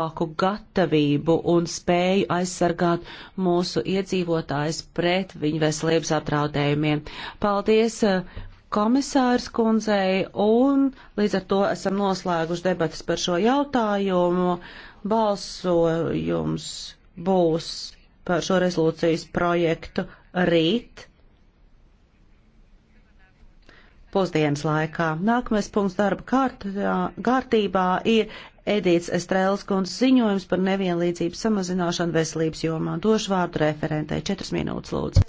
lielāku gatavību un spēju aizsargāt mūsu iedzīvotājs pret viņu veselības apdraudējumiem. Paldies eh, komisārs kundzei un līdz ar to esam noslēguši debatas par šo jautājumu. Balsojums būs par šo rezolūcijas projektu rīt pusdienas laikā. Nākamais punkts darba kārt, kārtībā ir Edīts Estrēlas kundzes ziņojums par nevienlīdzību samazināšanu veselības jomā. Došu vārdu referentei. Četras minūtes, lūdzu.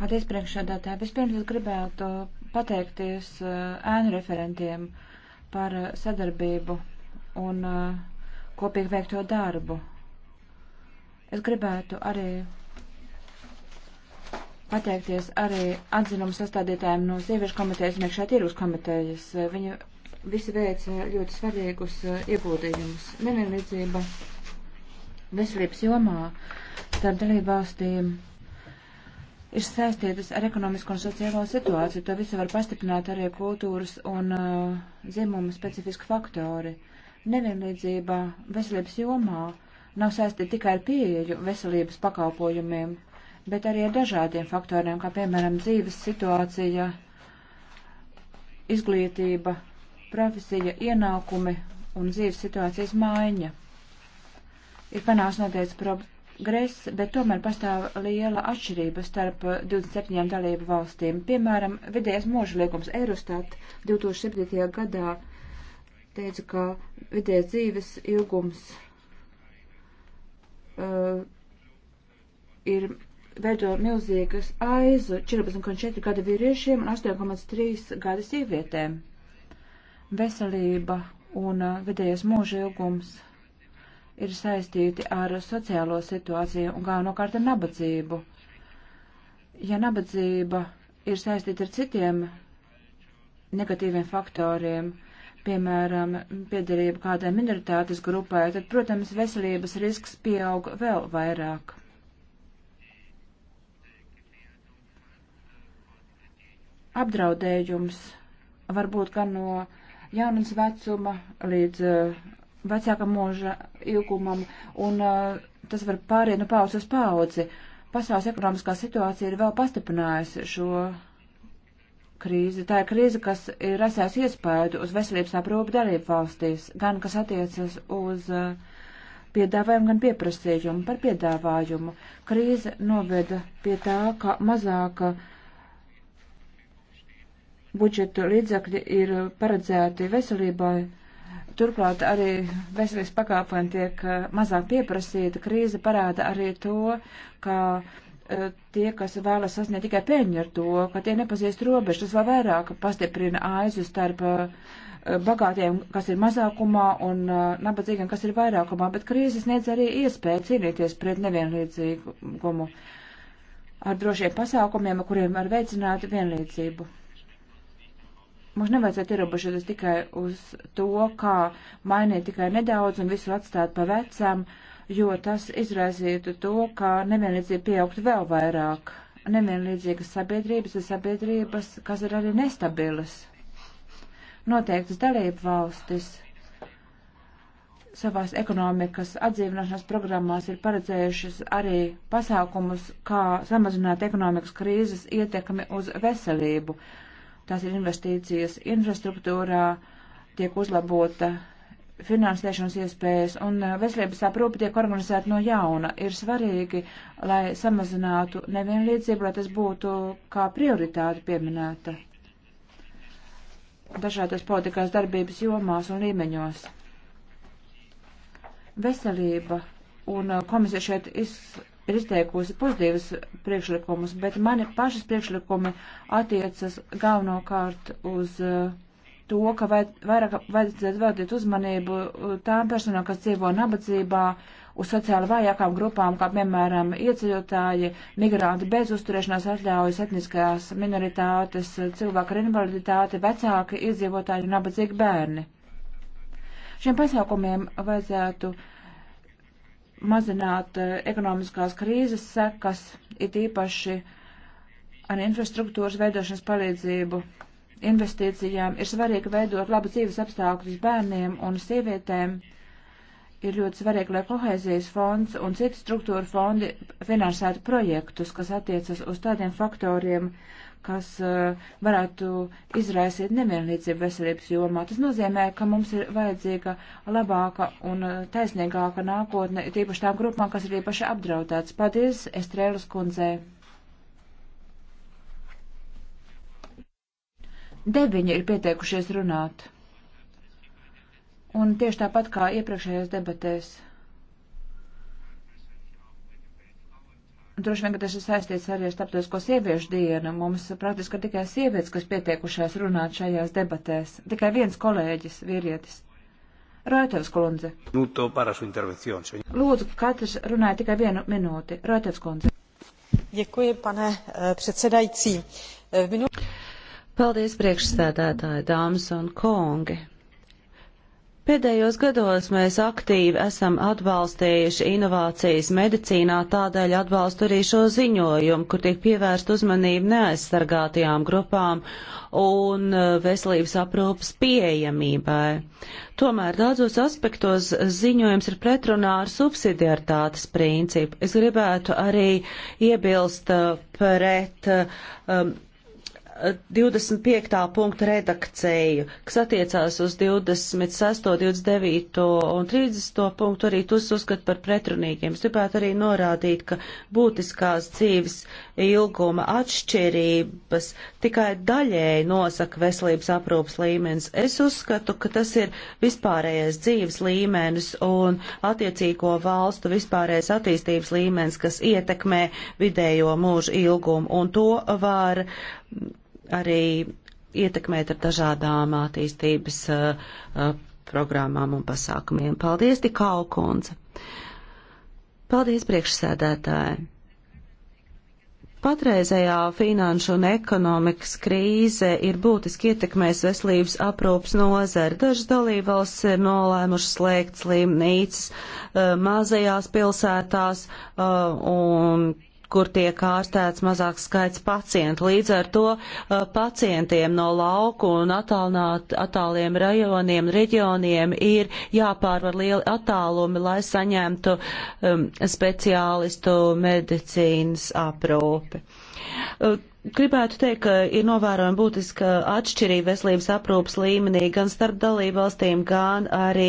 Paldies, priekšsēdētāji. Vispirms es gribētu pateikties eh, ēnu referentiem par eh, sadarbību un eh, kopīgi veikto darbu. Es gribētu arī pateikties arī atzinumu sastādītājiem no Sieviešu komitejas un iekšā tirgus komitejas. Viņi visi veica ļoti svarīgus uh, ieguldījumus. Nevienlīdzība veselības jomā starp dalībvalstīm ir saistītas ar ekonomisko un sociālo situāciju. To visu var pastiprināt arī kultūras un uh, dzimumu specifiski faktori. Nevienlīdzība veselības jomā nav saistīta tikai ar pieeju veselības pakalpojumiem, bet arī ar dažādiem faktoriem, kā piemēram dzīves situācija, izglītība, profesija, ienākumi un dzīves situācijas maiņa. Ir panāks noteikts progress, bet tomēr pastāv liela atšķirība starp 27 dalību valstīm. Piemēram, vidējais mūža liekums Eurostat 2007. gadā teica, ka vidējais dzīves ilgums uh, ir veido milzīgas aizu 14,4 gada vīriešiem un 8,3 gada sievietēm. Veselība un vidējais mūža ilgums ir saistīti ar sociālo situāciju un galvenokārt ar nabadzību. Ja nabadzība ir saistīta ar citiem negatīviem faktoriem, piemēram, piederība kādai minoritātes grupai, tad, protams, veselības risks pieaug vēl vairāk. Apdraudējums var būt gan no jaunas vecuma līdz uh, eh, vecāka mūža ilgumam, un uh, tas var pāriet no paudzes uz paudzi. Pasaules ekonomiskā situācija ir vēl pastiprinājusi šo krīzi. Tā ir krīze, kas ir atstājusi iespēju uz veselības aprūpu darību valstīs, gan kas attiecas uz uh, piedāvājumu, gan pieprasījumu par piedāvājumu. Krīze noveda pie tā, ka mazāka uh, budžeta līdzakļi ir paredzēti veselībai. Turklāt arī veselības pakāpojumi tiek eh, mazāk pieprasīti. Krīze parāda arī to, ka eh, tie, kas vēlas sasniegt tikai peļņu ar to, ka tie nepazīst robežu, tas vēl vairāk pastiprina aizu starp eh, bagātiem, kas ir mazākumā, un nabadzīgiem, kas ir vairākumā, bet krīzes niedz arī iespēju cīnīties pret nevienlīdzīgumu ar drošiem pasākumiem, ar kuriem var veicināt vienlīdzību. Mums nevajadzētu ierobežoties tikai uz to, kā mainīt tikai nedaudz un visu atstāt pa vecam, jo tas izraisītu to, ka nevienlīdzība pieaugtu vēl vairāk. Nevienlīdzīgas sabiedrības ir sabiedrības, kas ir arī nestabilas. Noteiktas dalību valstis savās ekonomikas atdzīvināšanas programmās ir paredzējušas arī pasākumus, kā samazināt ekonomikas krīzes ietekmi uz veselību. Uh, tās ir investīcijas infrastruktūrā, tiek uzlabota finansēšanas iespējas un uh, veselības aprūpe tiek organizēta no jauna. Ir svarīgi, lai samazinātu nevienlīdzību, lai tas būtu kā prioritāte pieminēta dažādās politikās darbības jomās un līmeņos. Veselība un uh, komisija šeit iz, ir izteikusi pozitīvas priekšlikumus, bet mani pašas priekšlikumi attiecas galvenokārt uz eh, to, ka vairāk vajadzētu veltīt uzmanību eh, tām personām, kas dzīvo nabadzībā, uz sociāli vājākām grupām, kā piemēram ieceļotāji, migranti bez uzturēšanās atļaujas, etniskās minoritātes, cilvēku ar invaliditāti, vecāki iedzīvotāji un nabadzīgi bērni. Šiem pasākumiem vajadzētu uh, mazināt eh, ekonomiskās krīzes sekas, it īpaši ar infrastruktūras veidošanas palīdzību investīcijām, ir svarīgi veidot labu dzīves apstākļus bērniem un sievietēm. Ir ļoti svarīgi, lai kohēzijas fonds un citi struktūra fondi finansētu projektus, kas attiecas uz tādiem faktoriem, kas eh, varētu izraisīt nemierlīdzību veselības jomā. Tas nozīmē, ka mums ir vajadzīga labāka un eh, taisnīgāka nākotne, tīpaši tām grupām, kas ir īpaši apdraudētas. Paldies, Estrēlas kundzei! Deviņi ir pieteikušies runāt. Un tieši tāpat kā iepriekšējās debatēs. Droši vien, ka tas ir saistīts arī ar starptautisko sieviešu dienu. Mums praktiski tikai sievietes, kas pieteikušās runāt šajās debatēs. Tikai viens kolēģis, vīrietis. Rotevs kundze. Lūdzu, katrs runāja tikai vienu minūti. Rotevs kundze. Děkuji, pane eh, předsedající. Eh, Paldies, priekšsēdētāji, dāmas un kongi. Pēdējos gados mēs aktīvi esam atbalstījuši inovācijas medicīnā, tādēļ atbalstu arī šo ziņojumu, kur tiek pievērst uzmanību neaizsargātajām grupām un uh, veselības aprūpas pieejamībai. Tomēr daudzos aspektos ziņojums ir pretrunā ar subsidiartātes principu. Es gribētu arī iebilst uh, pret. Uh, um, 25. punktu redakcēju, kas attiecās uz 26., 29. un 30. punktu, arī tos uzskat par pretrunīgiem. Es gribētu arī norādīt, ka būtiskās dzīves ilguma atšķirības tikai daļēji nosaka veselības aprūpas līmenis. Es uzskatu, ka tas ir vispārējais dzīves līmenis un attiecīgo valstu vispārējais attīstības līmenis, kas ietekmē vidējo mūžu ilgumu. Un to var uh, arī ietekmēt ar dažādām attīstības uh, uh, programmām un pasākumiem. Paldies, Tikau kundze! Paldies, priekšsēdētāji! Patreizējā finanšu un ekonomikas krīze ir būtiski ietekmēs veselības aprūpas nozari. Dažas dalībvalsts ir nolēmušas slēgt slimnīcas uh, mazajās pilsētās uh, un kur tiek ārstēts mazāks skaits pacientu. Līdz ar to uh, pacientiem no lauku un attāliem rajoniem, reģioniem ir jāpārvar lieli attālumi, lai saņemtu um, speciālistu medicīnas aprūpi. Gribētu teikt, ka ir novērojama būtiska atšķirība veselības aprūpas līmenī gan starp dalībvalstīm, gan arī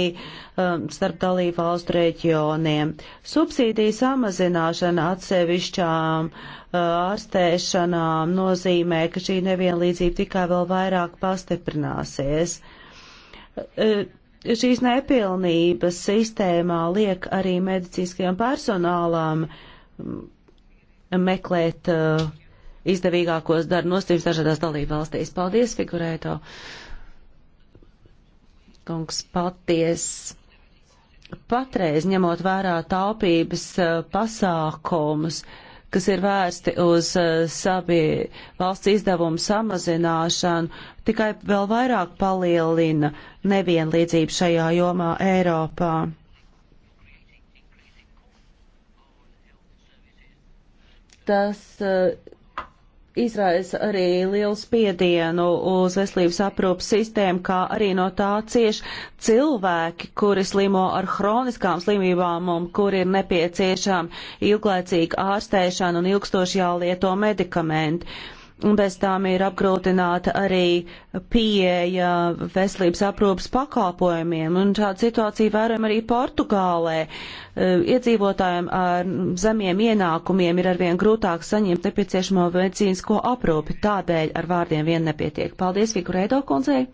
um, starp dalībvalstu reģioniem. Subsīdija samazināšana atsevišķām uh, ārstēšanām nozīmē, ka šī nevienlīdzība tikai vēl vairāk pastiprināsies. Uh, šīs nepilnības sistēmā liek arī medicīniskajam personālām. Um, meklēt uh, izdevīgākos darba nostīmes dažādās dalību valstīs. Paldies, figurēto. Kungs, paties. Patreiz, ņemot vērā taupības uh, pasākumus, kas ir vērsti uz uh, sabi valsts izdevumu samazināšanu, tikai vēl vairāk palielina nevienlīdzību šajā jomā Eiropā. tas eh, izraisa arī lielu spiedienu uz veselības aprūpas sistēmu, kā arī no tā cieš cilvēki, kuri slimo ar hroniskām slimībām un kuri ir nepieciešama ilglaicīga ārstēšana un ilgstoši jālieto medikamenti. Uh, Bez tām ir apgrūtināta arī pieeja veselības aprūpas pakalpojumiem, un šāda situācija vērojama arī Portugālē. E, iedzīvotājiem ar zemiem ienākumiem ir arvien grūtāk saņemt nepieciešamo medicīnisko aprūpi, tādēļ ar vārdiem vien nepietiek. Paldies, Vikurēdo kundzei!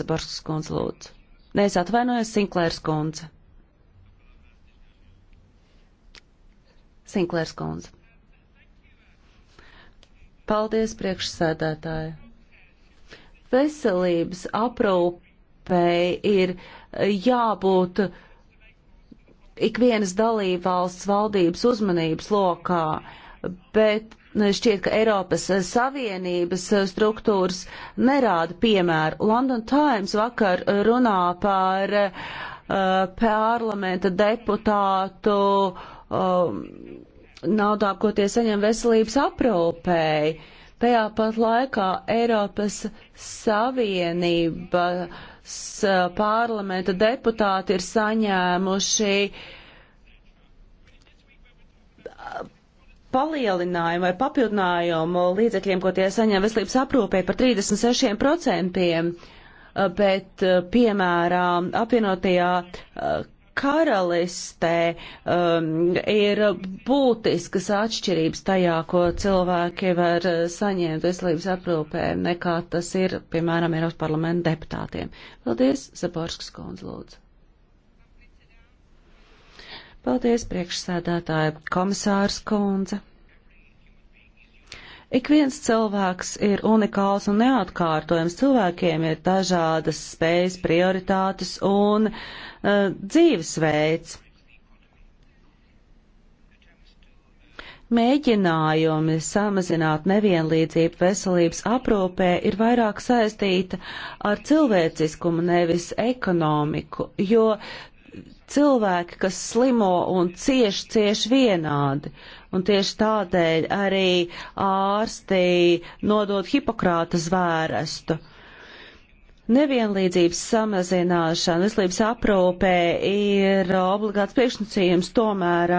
Zabarskas kundze lūdzu. Nē, es atvainojos, Sinklērs kundze. Sinklērs kundze. Paldies, priekšsēdētāji! Veselības aprūpei ir jābūt ikvienas dalībvalsts valdības uzmanības lokā, bet šķiet, ka Eiropas Savienības struktūras nerāda piemēru. London Times vakar runā par uh, parlamenta deputātu um, naudā, ko tie saņem veselības aprūpēji. Tajā pat laikā Eiropas Savienības eh, parlamenta deputāti ir saņēmuši eh, palielinājumu vai papildinājumu līdzekļiem, ko tie saņem veselības aprūpē par 36%, eh, bet, piemēram, apvienotajā karalistē um, ir būtiskas atšķirības tajā, ko cilvēki var uh, saņemt veselības aprūpē, nekā tas ir, piemēram, Eiropas parlamenta deputātiem. Paldies, Zaborskas kundze, lūdzu. Paldies, priekšsēdētāja komisārs kundze. Ik viens cilvēks ir unikāls un neatkārtojams. Cilvēkiem ir dažādas spējas, prioritātes un uh, dzīvesveids. Mēģinājumi samazināt nevienlīdzību veselības aprūpē ir vairāk saistīta ar cilvēciskumu, nevis ekonomiku, jo cilvēki, kas slimo un cieši, cieši vienādi. Un tieši tādēļ arī ārstī nodot Hipokrāta zvērestu. Nevienlīdzības samazināšana veselības aprūpē ir obligāts priekšnacījums, tomēr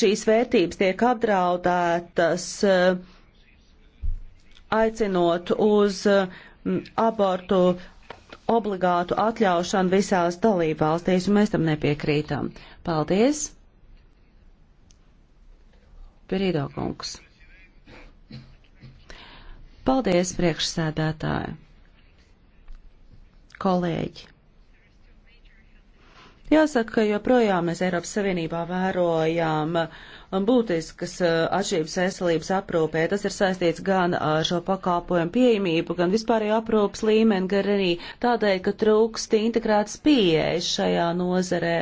šīs vērtības tiek apdraudētas, aicinot uz abortu obligātu atļaušanu visās dalībvalstīs, un mēs tam nepiekrītam. Paldies! Pirīdo kungs. Paldies, priekšsēdētāji! Kolēģi! Jāsaka, ka joprojām mēs Eiropas Savienībā vērojām uh, būtiskas eh, atšķirības veselības aprūpē. Tas ir saistīts gan eh, ar šo pakalpojumu pieejamību, gan vispārējo aprūpas līmeni, gan arī tādēļ, ka trūkst integrētas pieejas šajā nozarē.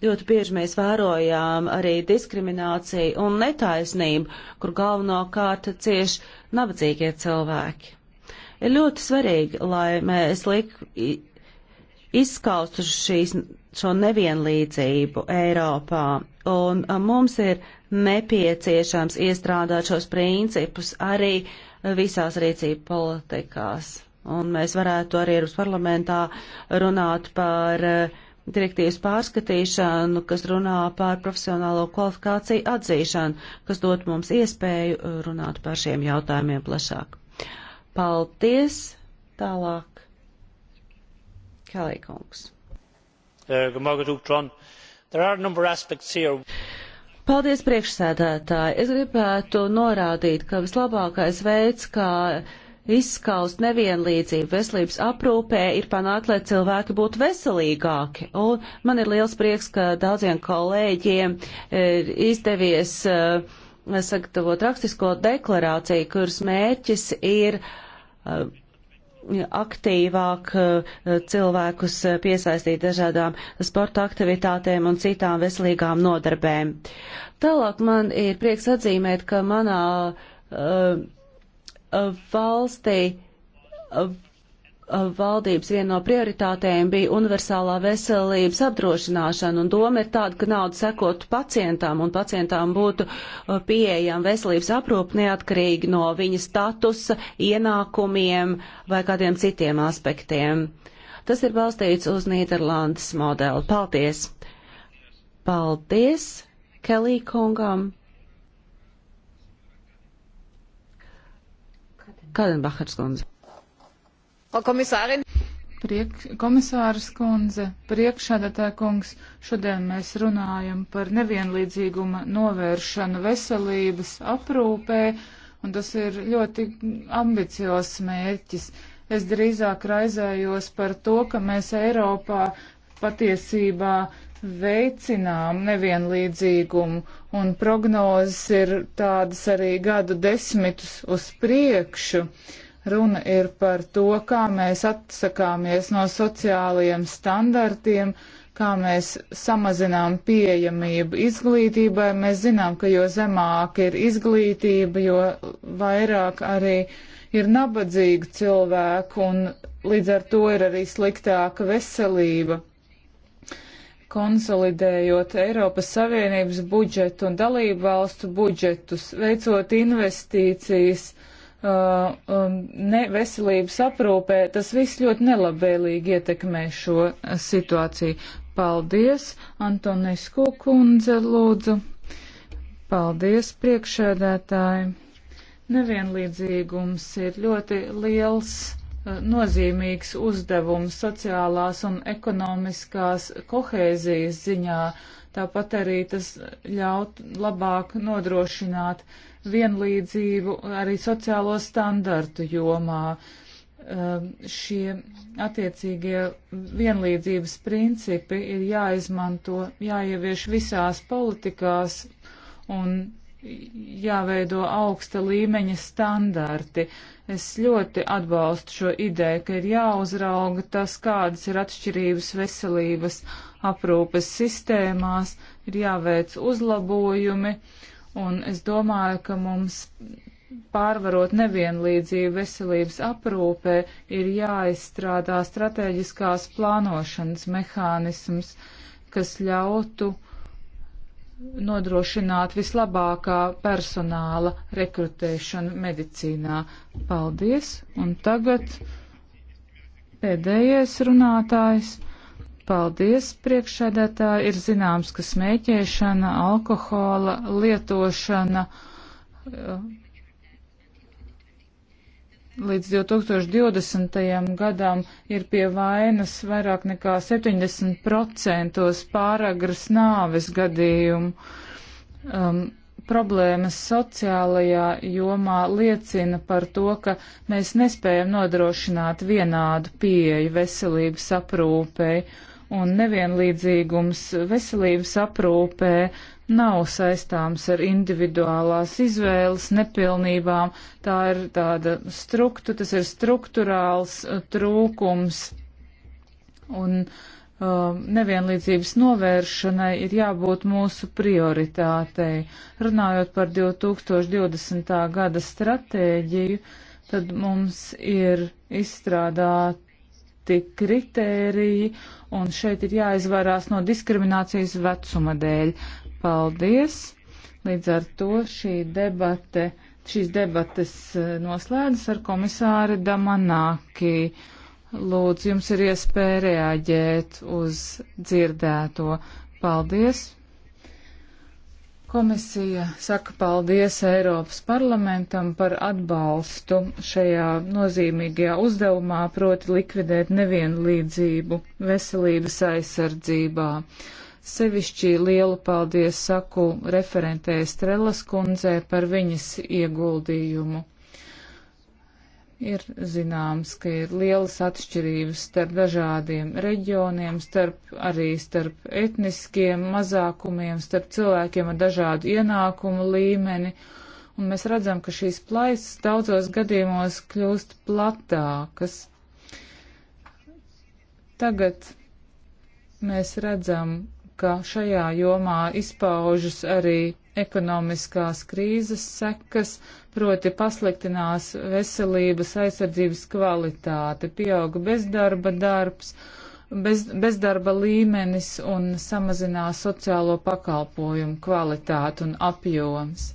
Ļoti bieži mēs vērojām arī diskrimināciju un netaisnību, kur galvenokārt cieši nabadzīgie cilvēki. Ir ļoti svarīgi, lai mēs lik, izskaustu šīs šo nevienlīdzību Eiropā, un mums ir nepieciešams iestrādāt šos principus arī visās rīcību politikās. Un mēs varētu arī Eiropas parlamentā runāt par direktīvas pārskatīšanu, kas runā par profesionālo kvalifikāciju atzīšanu, kas dot mums iespēju runāt par šiem jautājumiem plašāk. Paldies! Tālāk. Kalīkungs. Uh, There are a number of aspects here. Paldies, priekšsēdētāji. Es gribētu norādīt, ka vislabākais veids, kā izskaust nevienlīdzību veselības aprūpē, ir panākt, lai cilvēki būtu veselīgāki. Un man ir liels prieks, ka daudziem kolēģiem ir izdevies uh, sagatavot rakstisko deklarāciju, kuras mērķis ir uh, aktīvāk eh, cilvēkus eh, piesaistīt dažādām sporta aktivitātēm un citām veselīgām nodarbēm. Tālāk man ir prieks atzīmēt, ka manā uh, valstī uh, Uh, valdības viena no prioritātēm bija universālā veselības apdrošināšana, un doma ir tāda, ka nauda sekotu pacientām, un pacientām būtu uh, pieejama veselības aprūpa neatkarīgi no viņa statusa, ienākumiem vai kādiem citiem aspektiem. Tas ir balstīts uz Nīderlandes modeli. Paldies! Paldies Kelī kungam! Kadenbachers kundze. Frau Kommissarin. Priek, komisārs kundze, priekšsēdētāja kungs, šodien mēs runājam par nevienlīdzīguma novēršanu veselības aprūpē, un tas ir ļoti ambiciozs mērķis. Es drīzāk raizējos par to, ka mēs Eiropā patiesībā veicinām nevienlīdzīgumu, un prognozes ir tādas arī gadu desmitus uz priekšu. Uh, Runa ir par to, kā mēs atsakāmies no sociālajiem standartiem, kā mēs samazinām pieejamību izglītībai. Mēs zinām, ka jo zemāk ir izglītība, jo vairāk arī ir nabadzīgi cilvēki un līdz ar to ir arī sliktāka veselība. Konsolidējot Eiropas Savienības budžetu un dalību valstu budžetus, veicot investīcijas, uh, Uh, um, ne veselības aprūpē, tas viss ļoti nelabvēlīgi ietekmē šo uh, situāciju. Paldies, Antonisku kundze, lūdzu. Paldies, priekšēdētāji. Nevienlīdzīgums ir ļoti liels, uh, nozīmīgs uzdevums sociālās un ekonomiskās kohēzijas ziņā. Tāpat arī tas ļaut labāk nodrošināt uh, vienlīdzību arī sociālo standartu jomā. Um, šie attiecīgie vienlīdzības principi ir jāizmanto, jāievieš visās politikās un jāveido augsta līmeņa standarti. Es ļoti atbalstu šo ideju, ka ir jāuzrauga tas, kādas ir atšķirības veselības aprūpes sistēmās, ir jāveic uzlabojumi. Uh, Un es domāju, ka mums pārvarot nevienlīdzību veselības aprūpē ir jāizstrādā strateģiskās plānošanas mehānisms, kas ļautu nodrošināt vislabākā personāla rekrutēšanu medicīnā. Paldies! Un tagad pēdējais runātājs. Paldies, priekšsēdētāji. Ir zināms, ka smēķēšana, alkohola lietošana līdz 2020. gadam ir pie vainas vairāk nekā 70% pāragras nāves gadījumu. Um, problēmas sociālajā jomā liecina par to, ka mēs nespējam nodrošināt vienādu pieeju veselības aprūpei, un nevienlīdzīgums veselības aprūpē nav saistāms ar individuālās izvēles nepilnībām. Tā ir tāda struktu, tas ir struktūrāls uh, trūkums. Un uh, nevienlīdzības novēršanai ir jābūt mūsu prioritātei. Runājot par 2020. gada stratēģiju, tad mums ir izstrādāt noteikti kritēriji, un šeit ir jāizvairās no diskriminācijas vecuma dēļ. Paldies! Līdz ar to šī debate, šīs debates eh, noslēdzas ar komisāri Damanāki. Lūdzu, jums ir iespēja reaģēt uz dzirdēto. Paldies! Komisija saka paldies Eiropas parlamentam par atbalstu šajā nozīmīgajā uzdevumā, proti likvidēt nevienlīdzību veselības aizsardzībā. Sevišķi lielu paldies saku referentē Strelas kundzē par viņas ieguldījumu. Ir zināms, ka ir lielas atšķirības starp dažādiem reģioniem, starp arī starp etniskiem mazākumiem, starp cilvēkiem ar dažādu ienākumu līmeni, un mēs redzam, ka šīs plaisas daudzos gadījumos kļūst platākas. Tagad mēs redzam, ka šajā jomā izpaužas arī ekonomiskās krīzes sekas, proti pasliktinās veselības aizsardzības kvalitāte, pieauga bezdarba darbs, bez, bezdarba līmenis un samazinās sociālo pakalpojumu kvalitāti un apjoms.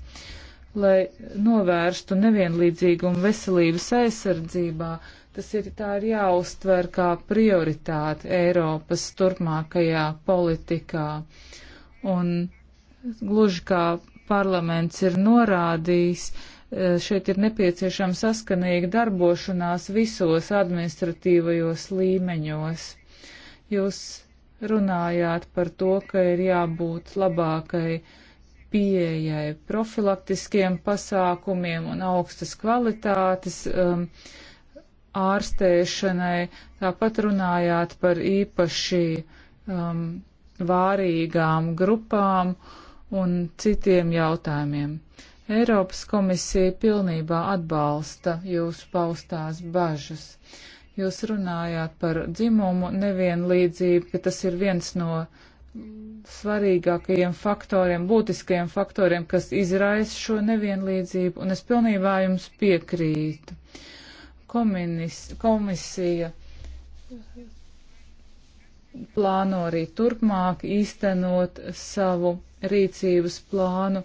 Lai novērstu nevienlīdzīgumu veselības aizsardzībā, tas ir tā ir jāuztver kā prioritāte Eiropas turpmākajā politikā. Un Gluži kā parlaments ir norādījis, e, šeit ir nepieciešama saskanīga darbošanās visos administratīvajos līmeņos. Jūs runājāt par to, ka ir jābūt labākai pieejai profilaktiskiem pasākumiem un augstas kvalitātes um, ārstēšanai. Tāpat runājāt par īpaši um, vārīgām grupām. Uh, un citiem jautājumiem. Eiropas komisija pilnībā atbalsta jūsu paustās bažas. Jūs runājāt par dzimumu nevienlīdzību, ka tas ir viens no svarīgākajiem faktoriem, būtiskajiem faktoriem, kas izraisa šo nevienlīdzību, un es pilnībā jums piekrītu. Kominis, komisija plāno arī turpmāk īstenot savu rīcības plānu,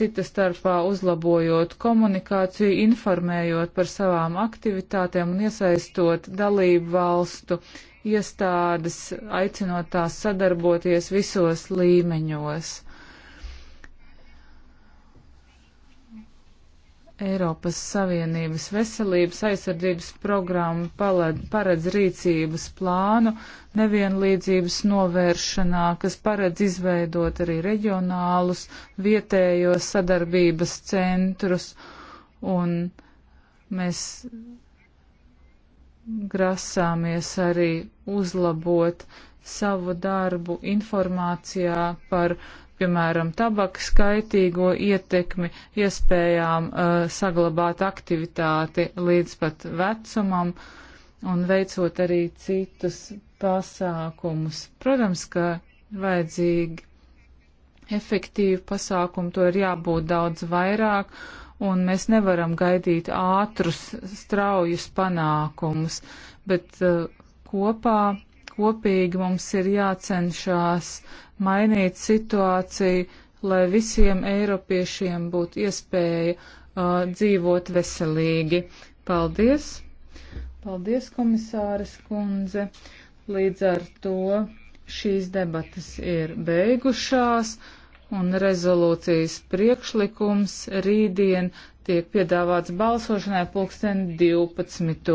cita starpā uzlabojot komunikāciju, informējot par savām aktivitātēm un iesaistot dalību valstu iestādes, aicinot tās sadarboties visos līmeņos. Eiropas Savienības veselības aizsardzības programma paled, paredz rīcības plānu nevienlīdzības novēršanā, kas paredz izveidot arī reģionālus vietējos sadarbības centrus. Un mēs grasāmies arī uzlabot savu darbu informācijā par uh, piemēram, tabakas kaitīgo ietekmi, iespējām uh, saglabāt aktivitāti līdz pat vecumam un veicot arī citus pasākumus. Protams, ka vajadzīgi efektīvi pasākumi, to ir jābūt daudz vairāk, un mēs nevaram gaidīt ātrus, straujus panākumus, bet uh, kopā Kopīgi mums ir jācenšas mainīt situāciju, lai visiem eiropiešiem būtu iespēja uh, dzīvot veselīgi. Paldies! Paldies, komisāres kundze! Līdz ar to šīs debatas ir beigušās un rezolūcijas priekšlikums rītdien tiek piedāvāts balsošanai pulksten 12.